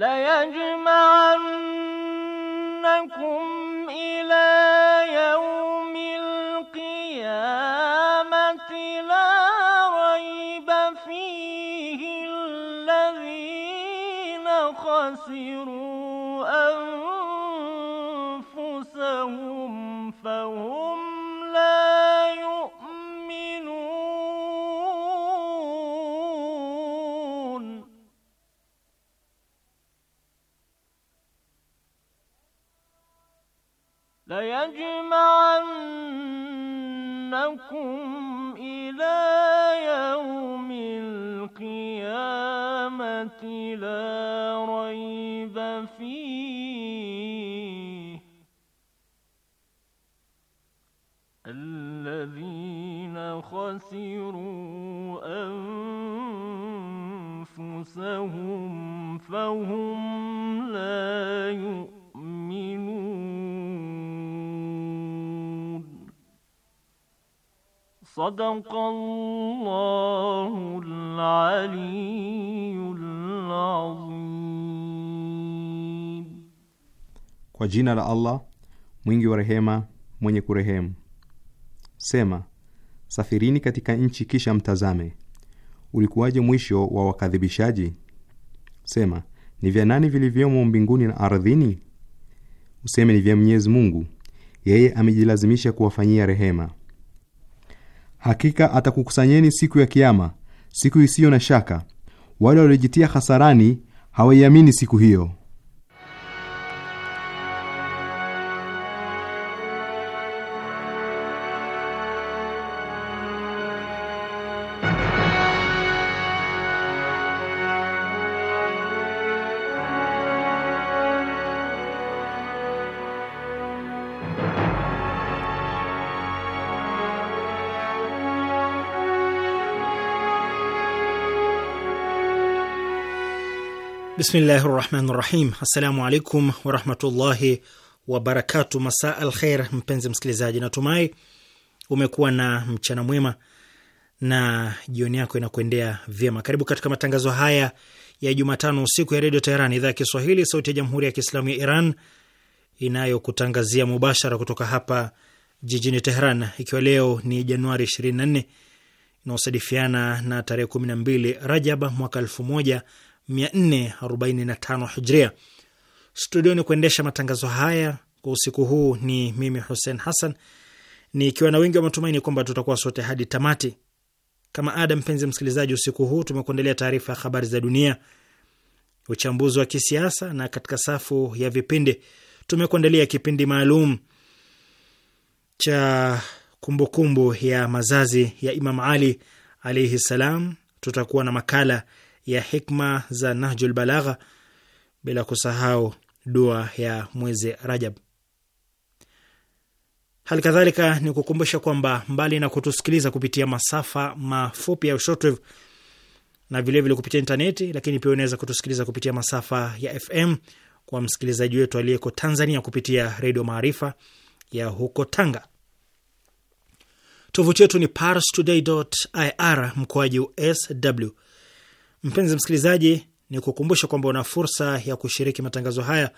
ليجمعن الذين خسروا أنفسهم فهم لا يؤمنون صدق الله العلي العظيم Kwa jina la Allah mwingi wa rehema, mwenye kurehemu. Sema, safirini katika nchi, kisha mtazame ulikuwaje mwisho wa wakadhibishaji. Sema, ni vya nani vilivyomo mbinguni na ardhini? Useme, ni vya Mwenyezi Mungu, yeye amejilazimisha kuwafanyia rehema. Hakika atakukusanyeni siku ya kiama siku isiyo na shaka. Wale waliojitia hasarani hawaiamini siku hiyo. Bismillahi rahmani rahim. Assalamu alaikum warahmatullahi wabarakatu. masa al kheir, mpenzi msikilizaji, natumai umekuwa na mchana mwema na jioni yako inakuendea vyema. Karibu katika matangazo haya ya Jumatano usiku ya Redio Teheran, idhaa ya Kiswahili, sauti ya Jamhuri ya Kiislamu ya Iran inayokutangazia mubashara kutoka hapa jijini Teheran, ikiwa leo ni Januari 24 inaosadifiana na tarehe 12 Rajab mwaka elfu moja 445 hijria. Studioni kuendesha matangazo haya kwa usiku huu ni mimi Hussein Hassan, nikiwa na wengi wa matumaini kwamba tutakuwa sote hadi tamati. Kama ada, mpenzi msikilizaji, usiku huu tumekuendelea taarifa ya habari za dunia, uchambuzi wa kisiasa, na katika safu ya vipindi tumekuandalia kipindi maalum cha kumbukumbu kumbu ya mazazi ya Imam Ali alaihi salam. Tutakuwa na makala ya hikma za Nahjul Balagha, bila kusahau dua ya mwezi Rajab. Hali kadhalika ni kukumbusha kwamba mbali na kutusikiliza kupitia masafa mafupi ya shortwave na vilevile vile kupitia intaneti, lakini pia unaweza kutusikiliza kupitia masafa ya FM kwa msikilizaji wetu aliyeko Tanzania kupitia Redio Maarifa ya huko Tanga. Tovuti yetu ni parstoday.ir mkoaji sw Mpenzi msikilizaji, ni kukumbusha kwamba una fursa ya kushiriki matangazo haya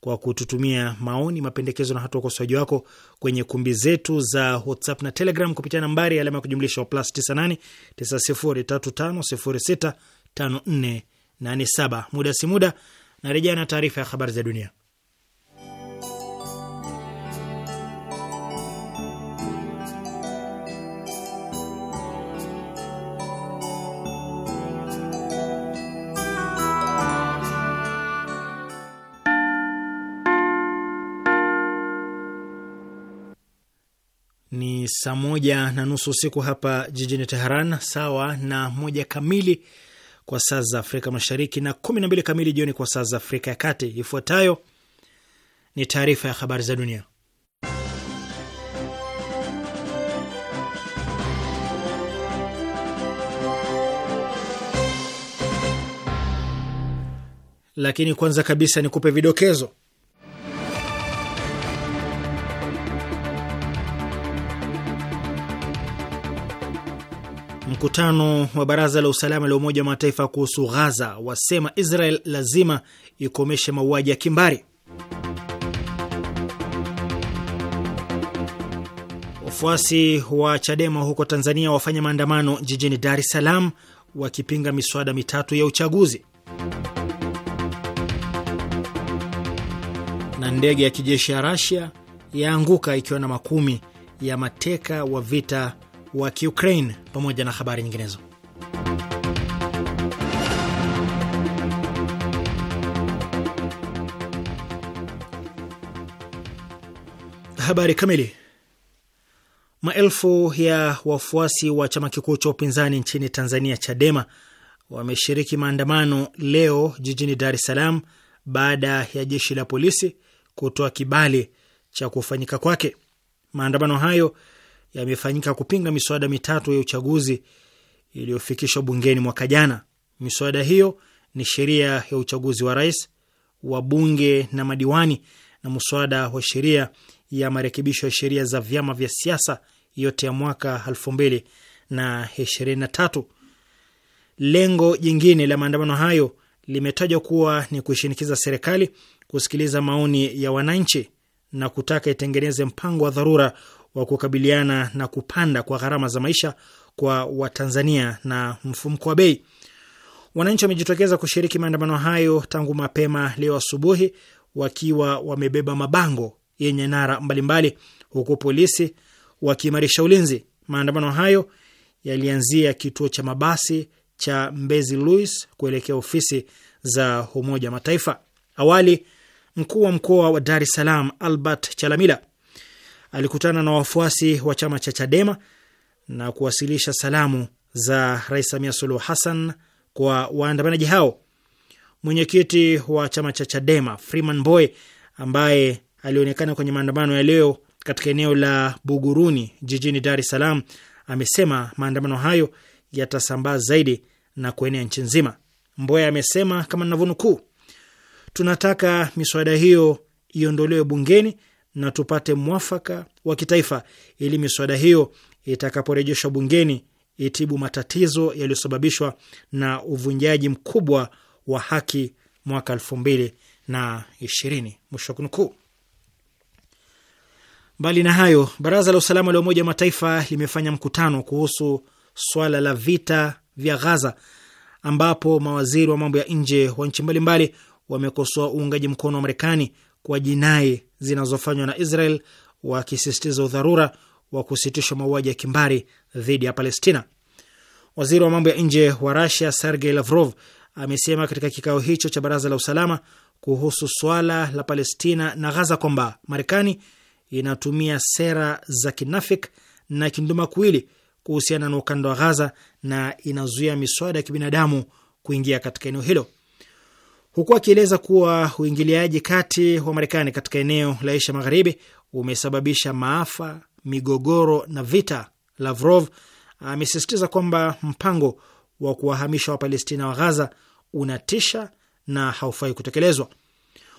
kwa kututumia maoni, mapendekezo na hata ukosoaji wako kwenye kumbi zetu za WhatsApp na Telegram kupitia nambari alama ya kujumlisha wa plus 989035065487. Muda si muda narejea na taarifa ya habari za dunia. saa moja na nusu usiku hapa jijini Teheran, sawa na moja kamili kwa saa za Afrika Mashariki na kumi na mbili kamili jioni kwa saa za Afrika ya Kati. Ifuatayo ni taarifa ya habari za dunia, lakini kwanza kabisa ni kupe vidokezo Mkutano wa baraza la usalama la Umoja wa Mataifa kuhusu Ghaza wasema Israel lazima ikomeshe mauaji ya kimbari. Wafuasi wa Chadema huko Tanzania wafanya maandamano jijini Dar es Salaam wakipinga miswada mitatu ya uchaguzi. Na ndege ya kijeshi ya Rasia yaanguka ikiwa na makumi ya mateka wa vita wa Kiukraine pamoja na habari nyinginezo. Habari kamili. Maelfu ya wafuasi wa chama kikuu cha upinzani nchini Tanzania, Chadema, wameshiriki maandamano leo jijini Dar es Salaam baada ya jeshi la polisi kutoa kibali cha kufanyika kwake. Maandamano hayo yamefanyika kupinga miswada mitatu ya uchaguzi iliyofikishwa bungeni mwaka jana. Miswada hiyo ni sheria ya uchaguzi wa rais, wa bunge na madiwani na mswada wa sheria ya marekebisho ya sheria za vyama vya siasa, yote ya mwaka elfu mbili na ishirini na tatu. Lengo jingine la maandamano hayo limetajwa kuwa ni kuishinikiza serikali kusikiliza maoni ya wananchi na kutaka itengeneze mpango wa dharura wa kukabiliana na kupanda kwa gharama za maisha kwa Watanzania na mfumko wa bei. Wananchi wamejitokeza kushiriki maandamano hayo tangu mapema leo asubuhi, wakiwa wamebeba mabango yenye nara mbalimbali, huku polisi wakiimarisha ulinzi. Maandamano hayo yalianzia kituo cha mabasi cha Mbezi Louis kuelekea ofisi za Umoja Mataifa. Awali mkuu wa mkoa wa Dar es Salaam Albert Chalamila alikutana na wafuasi wa chama cha Chadema na kuwasilisha salamu za Rais Samia Suluhu Hassan kwa waandamanaji hao. Mwenyekiti wa chama cha Chadema Freeman Boy, ambaye alionekana kwenye maandamano ya leo katika eneo la Buguruni jijini Dar es Salaam, amesema maandamano hayo yatasambaa zaidi na kuenea nchi nzima. Mboya amesema kama ninavyonukuu, tunataka miswada hiyo iondolewe bungeni na tupate mwafaka wa kitaifa ili miswada hiyo itakaporejeshwa bungeni itibu matatizo yaliyosababishwa na uvunjaji mkubwa wa haki mwaka elfu mbili na ishirini. Mwisho wa kunukuu. Mbali na hayo, baraza la usalama la Umoja wa Mataifa limefanya mkutano kuhusu swala la vita vya Ghaza, ambapo mawaziri wa mambo ya nje wa nchi mbalimbali wamekosoa uungaji mkono wa Marekani kwa jinai zinazofanywa na Israel, wakisisitiza udharura wa kusitishwa mauaji ya kimbari dhidi ya Palestina. Waziri wa mambo ya nje wa Rasia Sergei Lavrov amesema katika kikao hicho cha baraza la usalama kuhusu swala la Palestina na Ghaza kwamba Marekani inatumia sera za kinafik na kinduma kindumakuwili kuhusiana na ukanda wa Ghaza na inazuia miswada ya kibinadamu kuingia katika eneo hilo huku akieleza kuwa uingiliaji kati wa Marekani katika eneo la Asia Magharibi umesababisha maafa, migogoro na vita. Lavrov amesisitiza kwamba mpango wa kuwahamisha Wapalestina wa Ghaza unatisha na haufai kutekelezwa.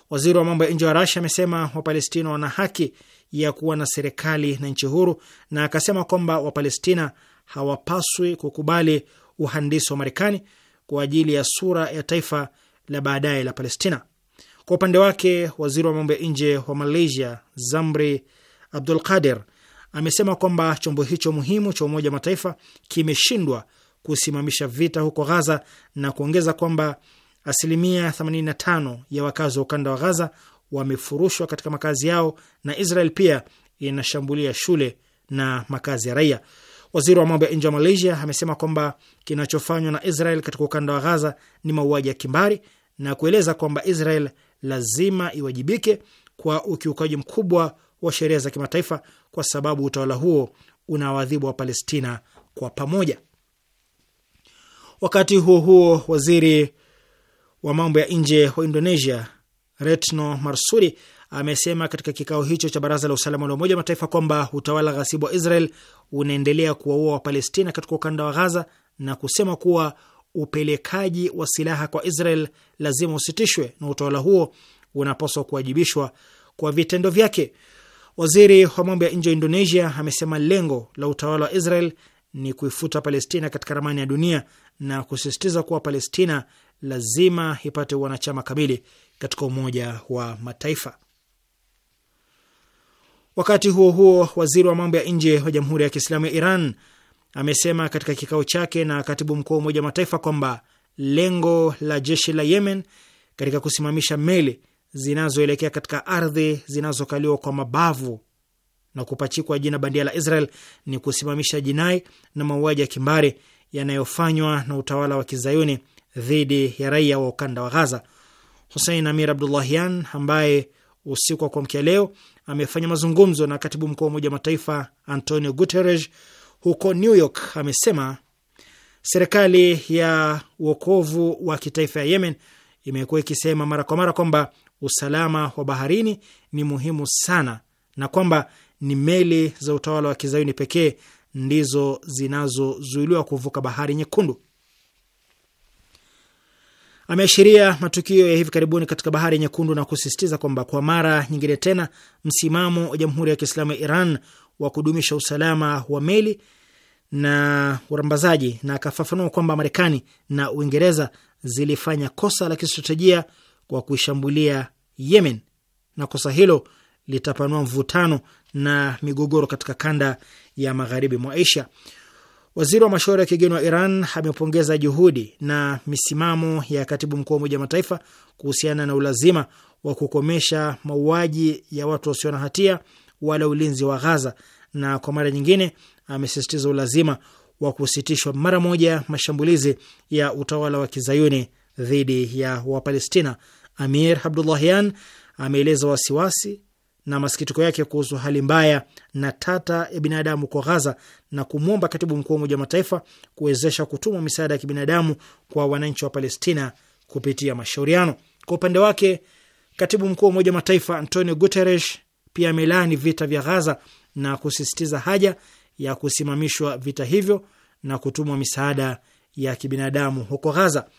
Waziri wa mambo ya nje wa Rasia amesema Wapalestina wana haki ya kuwa na serikali na nchi huru, na akasema kwamba Wapalestina hawapaswi kukubali uhandisi wa Marekani kwa ajili ya sura ya taifa la baadaye la Palestina. Kwa upande wake, waziri wa mambo ya nje wa Malaysia Zamri Abdul Qadir amesema kwamba chombo hicho muhimu cha Umoja wa Mataifa kimeshindwa kusimamisha vita huko Ghaza na kuongeza kwamba asilimia 85 ya wakazi wa ukanda wa Ghaza wamefurushwa katika makazi yao na Israel pia inashambulia shule na makazi ya raia. Waziri wa mambo ya nje wa Malaysia amesema kwamba kinachofanywa na Israel katika ukanda wa Ghaza ni mauaji ya kimbari na kueleza kwamba Israel lazima iwajibike kwa ukiukaji mkubwa wa sheria za kimataifa kwa sababu utawala huo unawaadhibu wa Palestina kwa pamoja. Wakati huo huo, waziri wa mambo ya nje wa Indonesia Retno Marsudi amesema katika kikao hicho cha Baraza la Usalama la Umoja wa Mataifa kwamba utawala ghasibu wa Israel unaendelea kuwaua Wapalestina katika ukanda wa Ghaza na kusema kuwa upelekaji wa silaha kwa Israel lazima usitishwe na utawala huo unapaswa kuwajibishwa kwa vitendo vyake. Waziri wa mambo ya nje wa Indonesia amesema lengo la utawala wa Israel ni kuifuta Palestina katika ramani ya dunia na kusisitiza kuwa Palestina lazima ipate wanachama kamili katika Umoja wa Mataifa. Wakati huo huo, waziri wa mambo ya nje wa Jamhuri ya Kiislamu ya Iran amesema katika kikao chake na katibu mkuu wa Umoja wa Mataifa kwamba lengo la jeshi la Yemen katika kusimamisha meli zinazoelekea katika ardhi zinazokaliwa kwa mabavu na kupachikwa jina bandia la Israel ni kusimamisha jinai na mauaji ya kimbari yanayofanywa na utawala wa kizayuni dhidi ya raia wa ukanda wa Ghaza. Husein Amir Abdullahian ambaye usiku wa kuamkia leo amefanya mazungumzo na katibu mkuu wa Umoja wa Mataifa Antonio Guterres huko New York amesema serikali ya uokovu wa kitaifa ya Yemen imekuwa ikisema mara kwa mara kwamba usalama wa baharini ni muhimu sana na kwamba ni meli za utawala wa kizayuni pekee ndizo zinazozuiliwa kuvuka bahari Nyekundu. Ameashiria matukio ya hivi karibuni katika bahari Nyekundu na kusisitiza kwamba kwa mara nyingine tena msimamo wa Jamhuri ya Kiislamu ya Iran wa kudumisha usalama wa meli na urambazaji, na akafafanua kwamba Marekani na Uingereza zilifanya kosa la kistratejia kwa kuishambulia Yemen, na kosa hilo litapanua mvutano na migogoro katika kanda ya magharibi mwa Asia. Waziri wa mashauri ya kigeni wa Iran amepongeza juhudi na misimamo ya katibu mkuu wa Umoja wa Mataifa kuhusiana na ulazima wa kukomesha mauaji ya watu wasio na hatia wala ulinzi wa Ghaza, na kwa mara nyingine amesisitiza ulazima wa kusitishwa mara moja mashambulizi ya utawala wa kizayuni dhidi ya Wapalestina. Amir Abdullahian ameeleza wasiwasi na masikitiko yake kuhusu hali mbaya na tata ya binadamu kwa Ghaza na kumwomba katibu mkuu wa Umoja wa Mataifa kuwezesha kutumwa misaada ya kibinadamu kwa wananchi wa Palestina kupitia mashauriano. Kwa upande wake, katibu mkuu wa Umoja wa Mataifa Antonio Guterres pia amelaani vita vya Ghaza na kusisitiza haja ya kusimamishwa vita hivyo na kutumwa misaada ya kibinadamu huko Ghaza.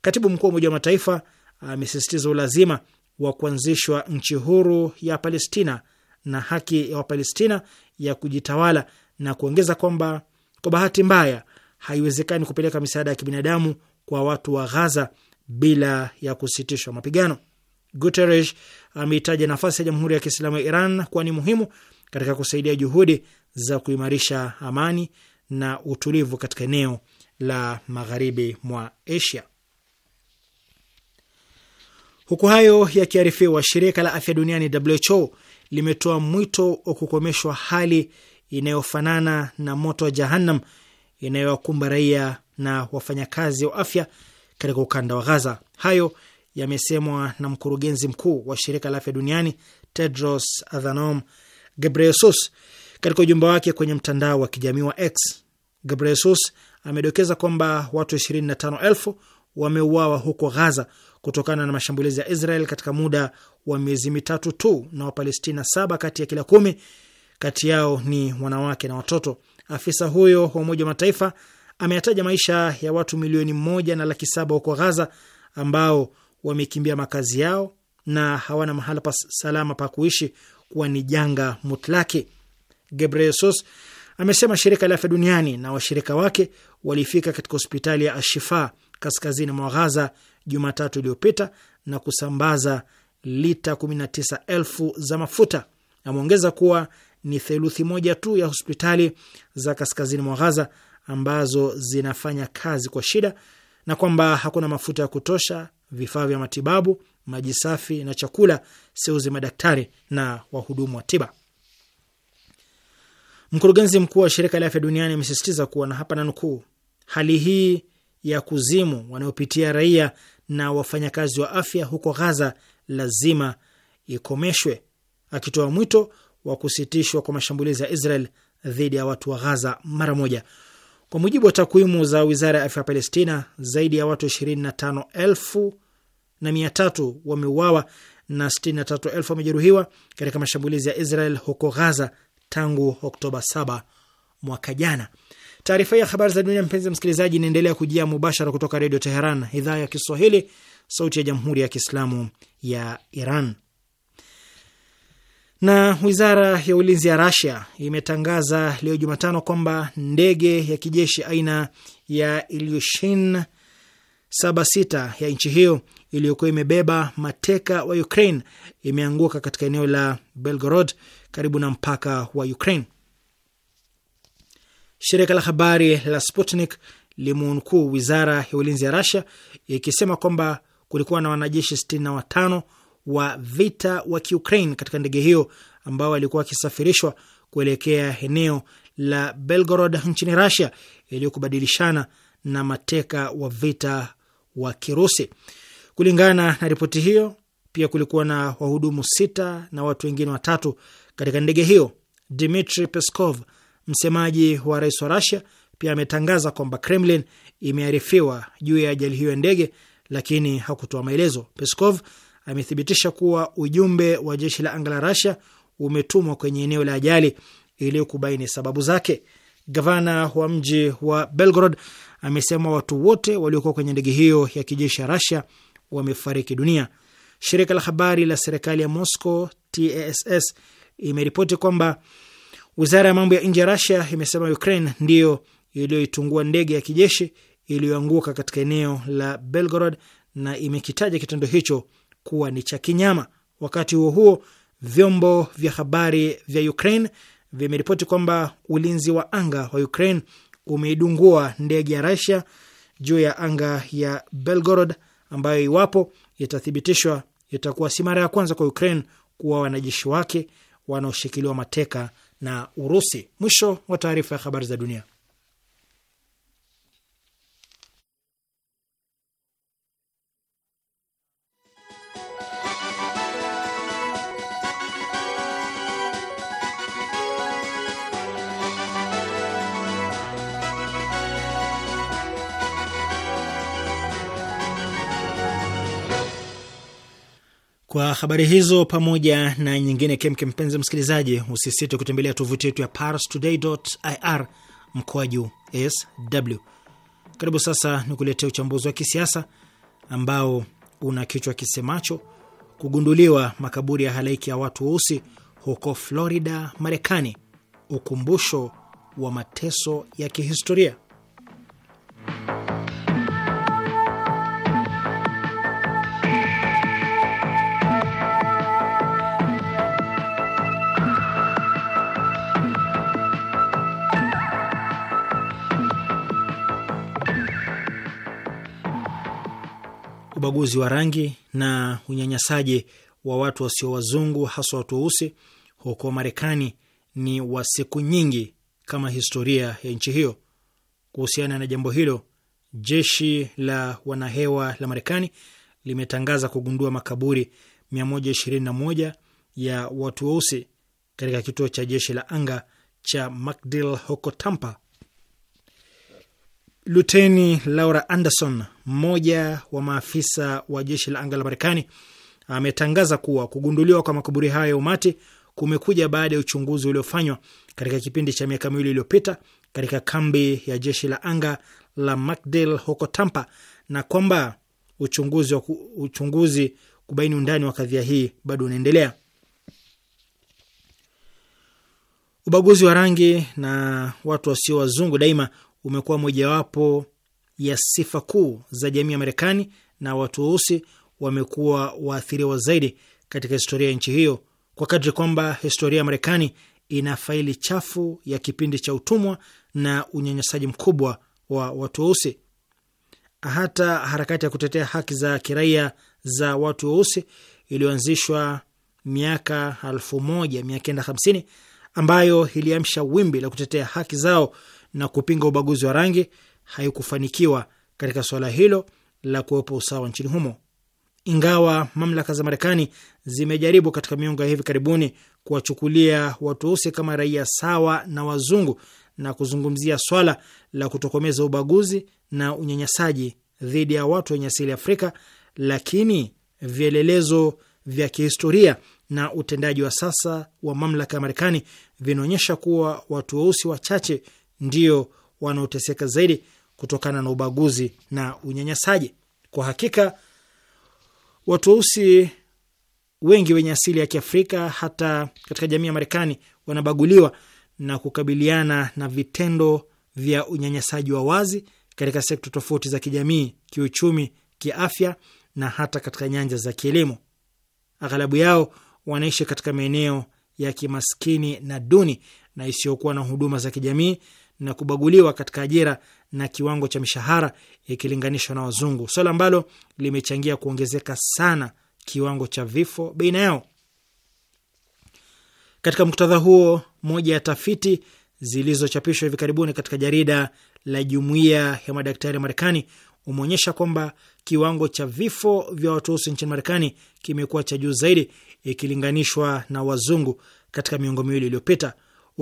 Katibu mkuu wa Umoja wa Mataifa amesisitiza ulazima wa kuanzishwa nchi huru ya Palestina na haki ya Wapalestina ya kujitawala na kuongeza kwamba kwa bahati mbaya haiwezekani kupeleka misaada ya kibinadamu kwa watu wa Ghaza bila ya kusitishwa mapigano. Guterres ameitaja nafasi ya Jamhuri ya Kiislamu ya Iran kuwa ni muhimu katika kusaidia juhudi za kuimarisha amani na utulivu katika eneo la magharibi mwa Asia. Huku hayo yakiarifiwa, shirika la afya duniani WHO limetoa mwito wa kukomeshwa hali inayofanana na moto wa jahannam inayowakumba raia na wafanyakazi wa afya katika ukanda wa Gaza. Hayo yamesemwa na mkurugenzi mkuu wa shirika la afya duniani Tedros Adhanom Ghebreyesus katika ujumbe wake kwenye mtandao wa kijamii wa X, Gebreyesus amedokeza kwamba watu 25,000 wameuawa huko Ghaza kutokana na mashambulizi ya Israel katika muda wa miezi mitatu tu, na Wapalestina saba kati ya kila kumi kati yao ni wanawake na watoto. Afisa huyo wa Umoja wa Mataifa ameyataja maisha ya watu milioni moja na laki saba huko Ghaza ambao wamekimbia makazi yao na hawana mahala pa salama pa kuishi kuwa ni janga mutlaki. Gebreyesus amesema shirika la afya duniani na washirika wake walifika katika hospitali ya Ashifa kaskazini mwa Ghaza Jumatatu iliyopita na kusambaza lita 19,000 za mafuta. Ameongeza kuwa ni theluthi moja tu ya hospitali za kaskazini mwa Ghaza ambazo zinafanya kazi kwa shida na kwamba hakuna mafuta ya kutosha, vifaa vya matibabu, maji safi na chakula, seuzi madaktari na wahudumu wa tiba. Mkurugenzi mkuu wa shirika la afya duniani amesisitiza kuwa na hapa nukuu, hali hii ya kuzimu wanayopitia raia na wafanyakazi wa afya huko Ghaza lazima ikomeshwe, akitoa mwito wa kusitishwa kwa mashambulizi ya Israel dhidi ya watu wa Ghaza mara moja. Kwa mujibu wa takwimu za wizara ya afya ya Palestina, zaidi ya watu 25,300 wameuawa na 63,000 wamejeruhiwa katika mashambulizi ya Israel huko Ghaza tangu Oktoba 7 mwaka jana. Taarifa hii ya habari za dunia, mpenzi msikilizaji, inaendelea kujia mubashara kutoka Redio Teheran, idhaa ya Kiswahili, sauti ya Jamhuri ya Kiislamu ya Iran. Na wizara ya ulinzi ya Rasia imetangaza leo Jumatano kwamba ndege ya kijeshi aina ya Ilyushin 76 ya nchi hiyo iliyokuwa imebeba mateka wa Ukraine imeanguka katika eneo la Belgorod karibu na mpaka wa Ukraine. Shirika la habari la Sputnik limeunukuu wizara ya ulinzi ya Russia ikisema kwamba kulikuwa na wanajeshi 65 wa vita wa Kiukraine katika ndege hiyo ambao walikuwa wakisafirishwa kuelekea eneo la Belgorod nchini Russia iliyokubadilishana na mateka wa vita wa Kirusi. Kulingana na ripoti hiyo, pia kulikuwa na wahudumu sita na watu wengine watatu katika ndege hiyo. Dmitri Peskov, msemaji wa rais wa Rasia, pia ametangaza kwamba Kremlin imearifiwa juu ya ajali hiyo ya ndege, lakini hakutoa maelezo. Peskov amethibitisha kuwa ujumbe wa jeshi la anga la Rasia umetumwa kwenye eneo la ajali ili kubaini sababu zake. Gavana wa mji wa Belgorod amesema watu wote waliokuwa kwenye ndege hiyo ya kijeshi ya Rasia wamefariki dunia. Shirika la habari la serikali ya Moscow TASS imeripoti kwamba wizara ya mambo ya nje ya Rusia imesema Ukraine ndiyo iliyoitungua ndege ya kijeshi iliyoanguka katika eneo la Belgorod na imekitaja kitendo hicho kuwa ni cha kinyama. Wakati huo huo, vyombo vya habari vya Ukraine vimeripoti kwamba ulinzi wa anga wa Ukraine umeidungua ndege ya Rasia juu ya anga ya Belgorod ambayo iwapo yatathibitishwa itakuwa si mara ya kwanza kwa Ukraine kuwa wanajeshi wake wanaoshikiliwa mateka na Urusi. Mwisho wa taarifa ya habari za dunia. Kwa habari hizo pamoja na nyingine kemke, mpenzi msikilizaji, usisite kutembelea tovuti yetu ya parstoday.ir mkoaju sw. Karibu sasa ni kuletea uchambuzi wa kisiasa ambao una kichwa kisemacho kugunduliwa makaburi ya halaiki ya watu weusi huko Florida, Marekani, ukumbusho wa mateso ya kihistoria. ubaguzi wa rangi na unyanyasaji wa watu wasio wazungu, haswa watu weusi huko Marekani ni wa siku nyingi kama historia ya nchi hiyo. Kuhusiana na jambo hilo, jeshi la wanahewa la Marekani limetangaza kugundua makaburi 121 ya watu weusi katika kituo cha jeshi la anga cha MacDill huko Tampa, Luteni Laura Anderson, mmoja wa maafisa wa jeshi la anga la Marekani, ametangaza kuwa kugunduliwa kwa makaburi hayo ya umati kumekuja baada ya uchunguzi uliofanywa katika kipindi cha miaka miwili iliyopita katika kambi ya jeshi la anga la MacDill huko Tampa, na kwamba uchunguzi, uchunguzi kubaini undani wa kadhia hii bado unaendelea. Ubaguzi wa rangi na watu wasio wazungu daima umekuwa mojawapo ya sifa kuu za jamii ya Marekani na watu weusi wamekuwa waathiriwa zaidi katika historia ya nchi hiyo, kwa kadri kwamba historia ya Marekani ina faili chafu ya kipindi cha utumwa na unyanyasaji mkubwa wa watu weusi. Hata harakati ya kutetea haki za kiraia za watu weusi iliyoanzishwa miaka 1950 ambayo iliamsha wimbi la kutetea haki zao na kupinga ubaguzi wa rangi haikufanikiwa katika suala hilo la kuwepo usawa nchini humo, ingawa mamlaka za Marekani zimejaribu katika miongo ya hivi karibuni kuwachukulia watu weusi kama raia sawa na wazungu na kuzungumzia swala la kutokomeza ubaguzi na unyanyasaji dhidi ya watu wenye asili Afrika, lakini vielelezo vya kihistoria na utendaji wa sasa wa mamlaka ya Marekani vinaonyesha kuwa watu weusi wachache ndio wanaoteseka zaidi kutokana na ubaguzi na unyanyasaji. Kwa hakika watu weusi wengi wenye asili ya Kiafrika hata katika jamii ya Marekani wanabaguliwa na kukabiliana na vitendo vya unyanyasaji wa wazi katika sekta tofauti za kijamii, kiuchumi, kiafya na hata katika nyanja za kielimu. Aghalabu yao wanaishi katika maeneo ya kimaskini na duni na isiyokuwa na huduma za kijamii na kubaguliwa katika ajira na kiwango cha mishahara ikilinganishwa na wazungu, swala ambalo limechangia kuongezeka sana kiwango cha vifo baina yao. Katika muktadha huo, moja ya tafiti zilizochapishwa hivi karibuni katika jarida la Jumuiya ya Madaktari ya Marekani umeonyesha kwamba kiwango cha vifo vya watu weusi nchini Marekani kimekuwa cha juu zaidi ikilinganishwa na wazungu katika miongo miwili iliyopita.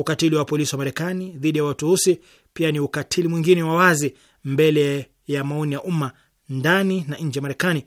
Ukatili wa polisi wa Marekani dhidi ya watu weusi pia ni ukatili mwingine wa wazi mbele ya maoni ya umma ndani na nje ya Marekani.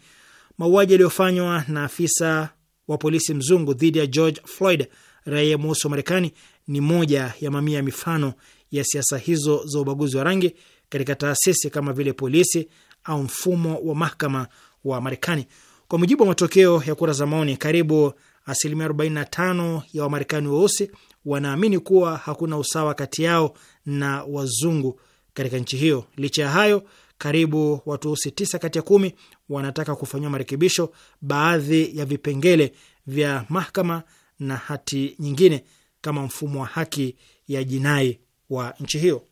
Mauaji yaliyofanywa na afisa wa polisi mzungu dhidi ya George Floyd, raia mweusi wa Marekani, ni moja ya mamia ya mifano ya siasa hizo za ubaguzi wa rangi katika taasisi kama vile polisi au mfumo wa mahakama wa Marekani. Kwa mujibu wa matokeo ya kura za maoni, karibu asilimia 45 ya Wamarekani weusi wa wanaamini kuwa hakuna usawa kati yao na wazungu katika nchi hiyo. Licha ya hayo, karibu watu weusi tisa kati ya kumi wanataka kufanyiwa marekebisho baadhi ya vipengele vya mahakama na hati nyingine kama mfumo wa haki ya jinai wa nchi hiyo.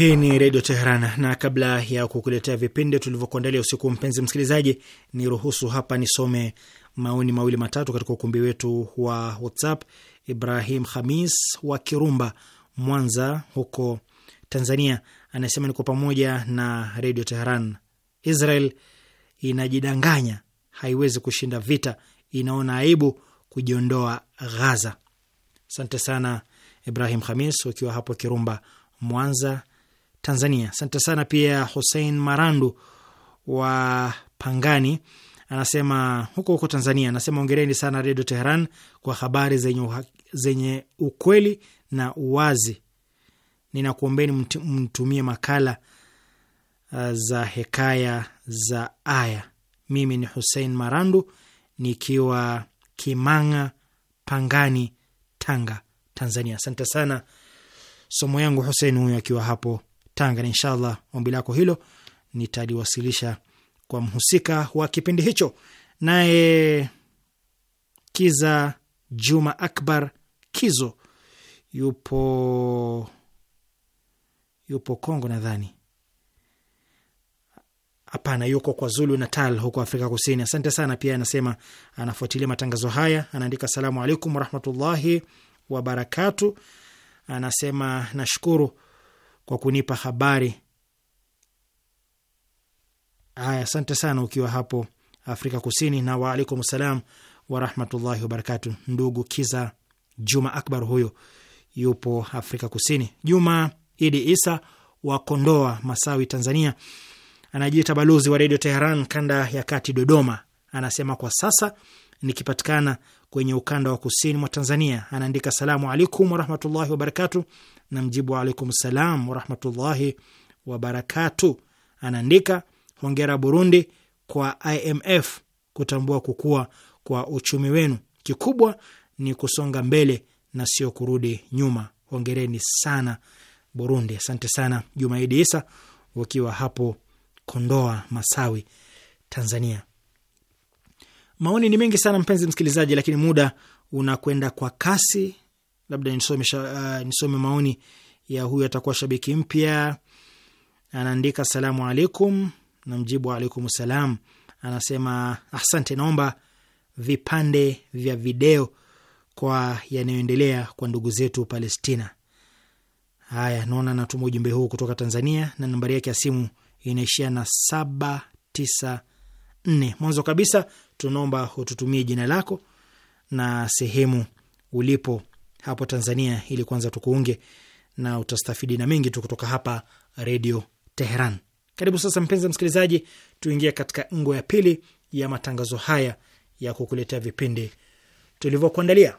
Hii ni Redio Teheran, na kabla ya kukuletea vipindi tulivyokuandalia usiku, mpenzi msikilizaji, ni ruhusu hapa nisome maoni mawili matatu katika ukumbi wetu wa WhatsApp. Ibrahim Khamis wa Kirumba, Mwanza huko Tanzania, anasema niko pamoja na Redio Teheran. Israel inajidanganya, haiwezi kushinda vita, inaona aibu kujiondoa Ghaza. Asante sana Ibrahim Khamis ukiwa hapo Kirumba, Mwanza Tanzania. Asante sana pia Hussein Marandu wa Pangani anasema huko huko Tanzania, anasema ongereni sana Redio Teheran kwa habari zenye, zenye ukweli na uwazi. Ninakuombeni mtumie makala uh, za hekaya za aya. Mimi ni Hussein Marandu nikiwa Kimanga, Pangani, Tanga, Tanzania. Asante sana somo yangu Hussein huyo akiwa hapo Tanga. Inshallah, ombi lako hilo nitaliwasilisha kwa mhusika wa kipindi hicho. Naye Kiza Juma Akbar Kizo yupo yupo Kongo nadhani, hapana, yuko kwa Zulu Natal huko Afrika Kusini. Asante sana. Pia anasema anafuatilia matangazo haya, anaandika salamu alaikum warahmatullahi wabarakatu. Anasema nashukuru kwa kunipa habari. Aya, asante sana ukiwa hapo Afrika Kusini, na waalaikum salam warahmatullahi wabarakatu. Ndugu Kiza Juma Akbar, huyo yupo Afrika Kusini. Juma Idi Isa wa Kondoa Masawi, Tanzania, anajiita balozi wa Redio Teheran kanda ya kati Dodoma, anasema kwa sasa nikipatikana kwenye ukanda wa kusini mwa Tanzania. Anaandika salamu alaikum warahmatullahi wabarakatu, na mjibu alaikum salam warahmatullahi wabarakatu. Anaandika hongera Burundi kwa IMF kutambua kukua kwa uchumi wenu, kikubwa ni kusonga mbele na sio kurudi nyuma. Hongereni sana Burundi. Asante sana Jumaidi Isa, wakiwa hapo Kondoa Masawi, Tanzania. Maoni ni mengi sana mpenzi msikilizaji, lakini muda unakwenda kwa kasi. Labda nisome, uh, nisome maoni ya huyu, atakuwa shabiki mpya, anaandika salamu alaikum, namjibu alaikum salam. Anasema asante, naomba vipande vya video kwa yanayoendelea kwa ndugu zetu Palestina. Haya, naona natuma ujumbe huu kutoka Tanzania na nambari yake ya simu inaishia na saba tisa nne. Mwanzo kabisa tunaomba ututumie jina lako na sehemu ulipo hapo Tanzania ili kwanza tukuunge na utastafidi na mengi tu kutoka hapa Redio Teheran. Karibu sasa, mpenzi msikilizaji, tuingie katika ngo ya pili ya matangazo haya ya kukuletea vipindi tulivyokuandalia.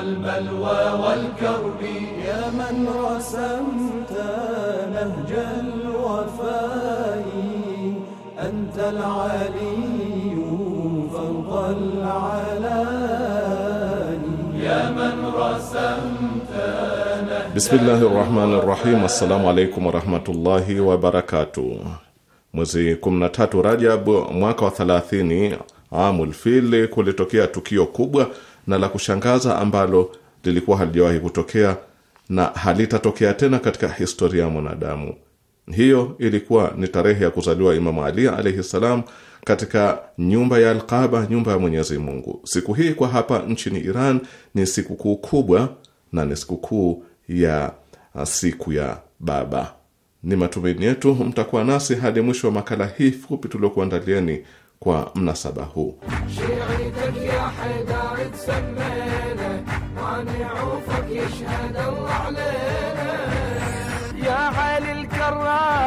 والملوى والكرب يا من رسمت نهج الوفاء أنت العلي فوق العلاني يا من رسمت بسم الله الرحمن الرحيم السلام عليكم ورحمة الله وبركاته Mwezi 13 Rajab mwaka wa 30 amulfili Fil kulitokea tukio kubwa na la kushangaza ambalo lilikuwa halijawahi kutokea na halitatokea tena katika historia ya mwanadamu. Hiyo ilikuwa ni tarehe ya kuzaliwa Imamu Ali alaihi ssalam katika nyumba ya Alqaba, nyumba ya Mwenyezi Mungu. Siku hii kwa hapa nchini Iran ni sikukuu kubwa na ni sikukuu ya uh, siku ya baba. Ni matumaini yetu mtakuwa nasi hadi mwisho wa makala hii fupi tuliokuandalieni kwa mnasaba huu.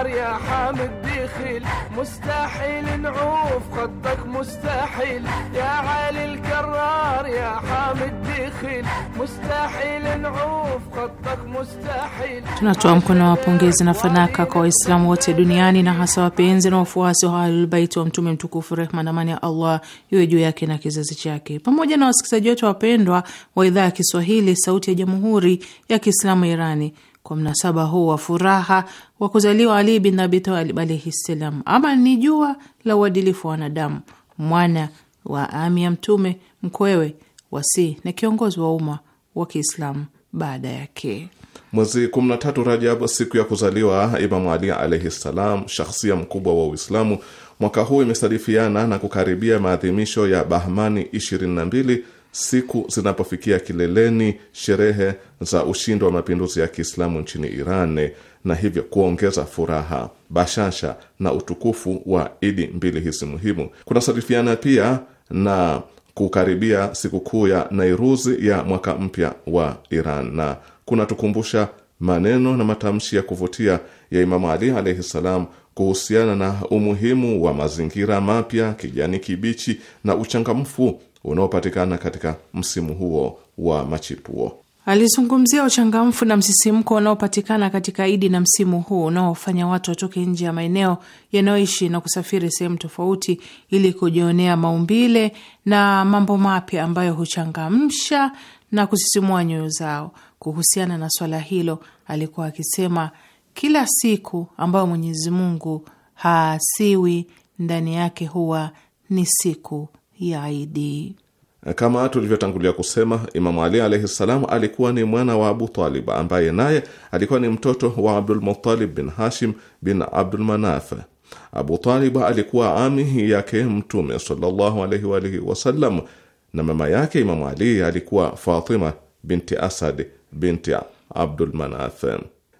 النار يا حامد دخيل مستحيل نعوف خطك مستحيل يا علي الكرار يا حامد دخيل مستحيل نعوف خطك مستحيل. Tunatoa mkono wa pongezi na fanaka kwa Waislamu wote duniani na hasa wapenzi na wafuasi wa Ahlulbaiti wa Mtume mtukufu, rehma na amani ya Allah iwe juu yake na kizazi chake, pamoja na wasikilizaji wetu wapendwa wa idhaa ya Kiswahili, Sauti ya Jamhuri ya Kiislamu Irani kwa mnasaba huu wa furaha wa kuzaliwa Ali bin Abi Talib alaihi ssalam. Ama ni jua la uadilifu wa wanadamu, mwana wa ami ya Mtume, mkwewe, wasi na kiongozi wa umma wa Kiislamu baada yake. Mwezi 13 Rajab, siku ya kuzaliwa Imamu Ali alaihi ssalam, shakhsia mkubwa wa Uislamu, mwaka huu imesadifiana na kukaribia maadhimisho ya Bahmani 22 siku zinapofikia kileleni sherehe za ushindi wa mapinduzi ya Kiislamu nchini Iran na hivyo kuongeza furaha, bashasha na utukufu wa idi mbili hizi muhimu. kunasarifiana pia na kukaribia sikukuu ya Nairuzi ya mwaka mpya wa Iran na kunatukumbusha maneno na matamshi ya kuvutia ya Imamu Ali alaihi salam kuhusiana na umuhimu wa mazingira mapya kijani kibichi na uchangamfu unaopatikana katika msimu huo wa machipuo. Alizungumzia uchangamfu na msisimko unaopatikana katika Idi na msimu huu unaofanya watu watoke nje ya maeneo yanayoishi na kusafiri sehemu tofauti ili kujionea maumbile na mambo mapya ambayo huchangamsha na kusisimua nyoyo zao. Kuhusiana na swala hilo, alikuwa akisema kila siku ambayo Mwenyezi Mungu haasiwi ndani yake huwa ni siku ya e Idi. Kama tulivyotangulia kusema, Imamu Ali alaihi ssalam alikuwa ni mwana wa Abu Talib ambaye naye alikuwa ni mtoto wa Abdulmutalib bin Hashim bin Abdulmanaf. Abu Talib alikuwa ami yake Mtume sallallahu alaihi wa alihi wasallam, na mama yake Imamu Ali alikuwa Fatima binti Asad binti Abdulmanaf,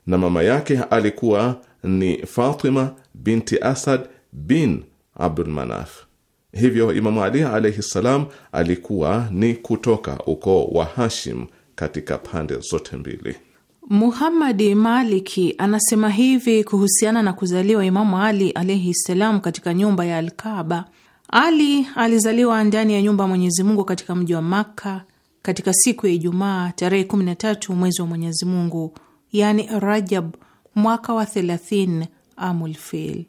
na mama yake alikuwa ni Fatima binti Asad bin Abdulmanaf. Hivyo Imamu Ali alaihi ssalam alikuwa ni kutoka ukoo wa Hashim katika pande zote mbili. Muhamadi Maliki anasema hivi kuhusiana na kuzaliwa Imamu Ali alaihi ssalam katika nyumba ya Alkaba. Ali alizaliwa ndani ya nyumba ya Mwenyezi Mungu katika mji wa Makka katika siku ya Ijumaa tarehe 13 mwezi wa Mwenyezi Mungu, yani Rajab, mwaka wa 30 Amulfil.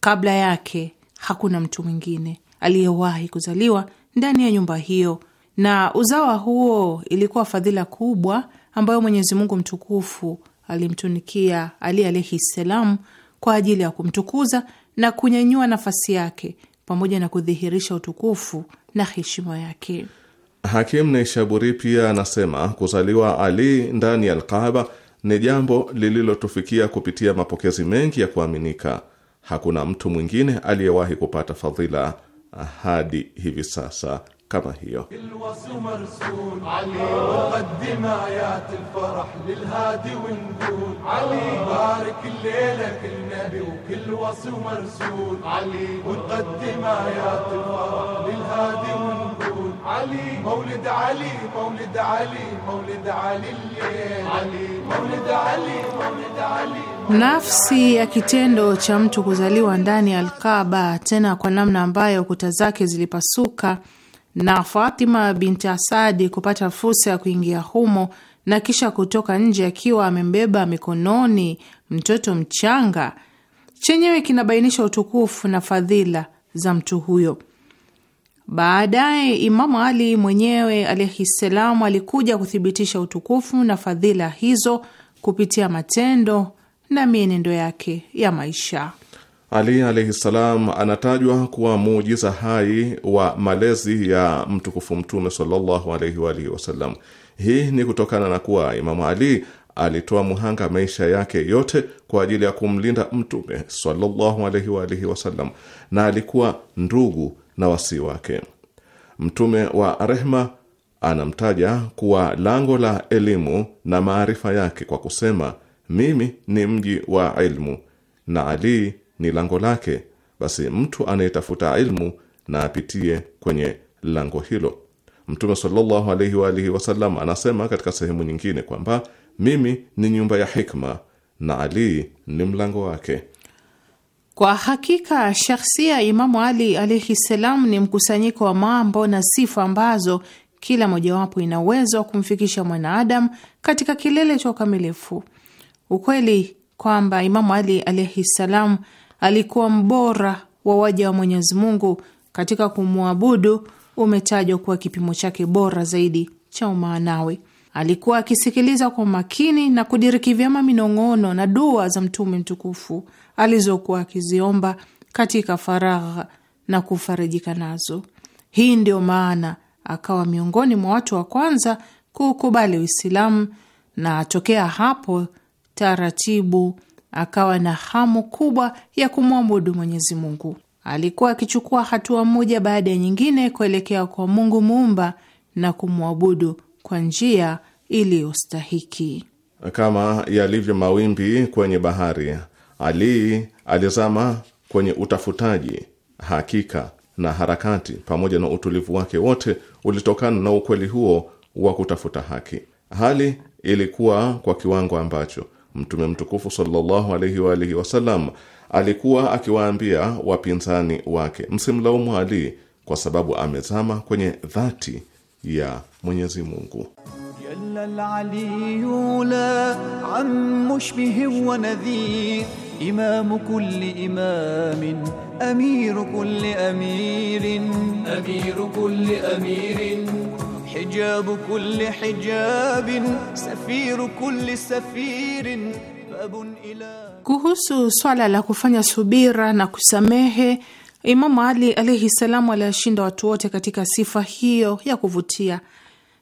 Kabla yake hakuna mtu mwingine aliyewahi kuzaliwa ndani ya nyumba hiyo, na uzawa huo ilikuwa fadhila kubwa ambayo Mwenyezi Mungu mtukufu alimtunikia Ali alaihi ssalam kwa ajili ya kumtukuza na kunyanyua nafasi yake pamoja na kudhihirisha utukufu na heshima yake. Hakim Neishaburi pia anasema kuzaliwa Ali ndani ya Alkaaba ni jambo lililotufikia kupitia mapokezi mengi ya kuaminika. Hakuna mtu mwingine aliyewahi kupata fadhila hadi hivi sasa kama hiyo. Nafsi ya kitendo cha mtu kuzaliwa ndani ya Alkaba, tena kwa namna ambayo kuta zake zilipasuka na Fatima binti Asadi kupata fursa ya kuingia humo na kisha kutoka nje akiwa amembeba mikononi mtoto mchanga, chenyewe kinabainisha utukufu na fadhila za mtu huyo. Baadaye Imamu Ali mwenyewe alaihi salam alikuja kuthibitisha utukufu na fadhila hizo kupitia matendo na mienendo yake ya maisha. Ali alaihi ssalam anatajwa kuwa muujiza hai wa malezi ya mtukufu Mtume sallallahu alaihi wa alihi wasallam. Hii ni kutokana na kuwa Imamu Ali alitoa muhanga maisha yake yote kwa ajili ya kumlinda Mtume sallallahu alaihi wa alihi wasallam, na alikuwa ndugu na wasii wake. Mtume wa rehma anamtaja kuwa lango la elimu na maarifa yake kwa kusema, mimi ni mji wa ilmu, na Ali ni lango lake, basi mtu anayetafuta ilmu na apitie kwenye lango hilo. Mtume sallallahu alaihi wa alihi wasallam anasema katika sehemu nyingine kwamba mimi ni nyumba ya hikma na Ali ni mlango wake. Kwa hakika shakhsia Imamu Ali alaihi salam ni mkusanyiko wa mambo na sifa ambazo kila mojawapo ina uwezo wa kumfikisha mwanaadamu katika kilele cha ukamilifu. Ukweli kwamba Imamu Ali alaihi salam alikuwa mbora wa waja wa Mwenyezi Mungu katika kumwabudu umetajwa kuwa kipimo chake bora zaidi cha umaanawe. Alikuwa akisikiliza kwa makini na kudiriki vyema minong'ono na dua za mtume mtukufu alizokuwa akiziomba katika faragha na kufarijika nazo. Hii ndiyo maana akawa miongoni mwa watu wa kwanza kuukubali Uislamu, na tokea hapo taratibu akawa na hamu kubwa ya kumwabudu Mwenyezi Mungu. Alikuwa akichukua hatua moja baada ya nyingine kuelekea kwa Mungu muumba na kumwabudu kwa njia iliyostahiki. Kama yalivyo mawimbi kwenye bahari, Ali alizama kwenye utafutaji hakika na harakati, pamoja na utulivu wake wote ulitokana na ukweli huo wa kutafuta haki. Hali ilikuwa kwa kiwango ambacho Mtume mtukufu sallallahu alaihi wa alihi wasallam alikuwa akiwaambia wapinzani wake, msimlaumu Ali kwa sababu amezama kwenye dhati ya Mwenyezi Mungu. amiru kulli amirin, amiru kulli amirin حجاب كل حجاب سفير كل سفير باب إلى kuhusu swala la kufanya subira na kusamehe, Imamu Ali alaihi salamu aliyashinda watu wote katika sifa hiyo ya kuvutia.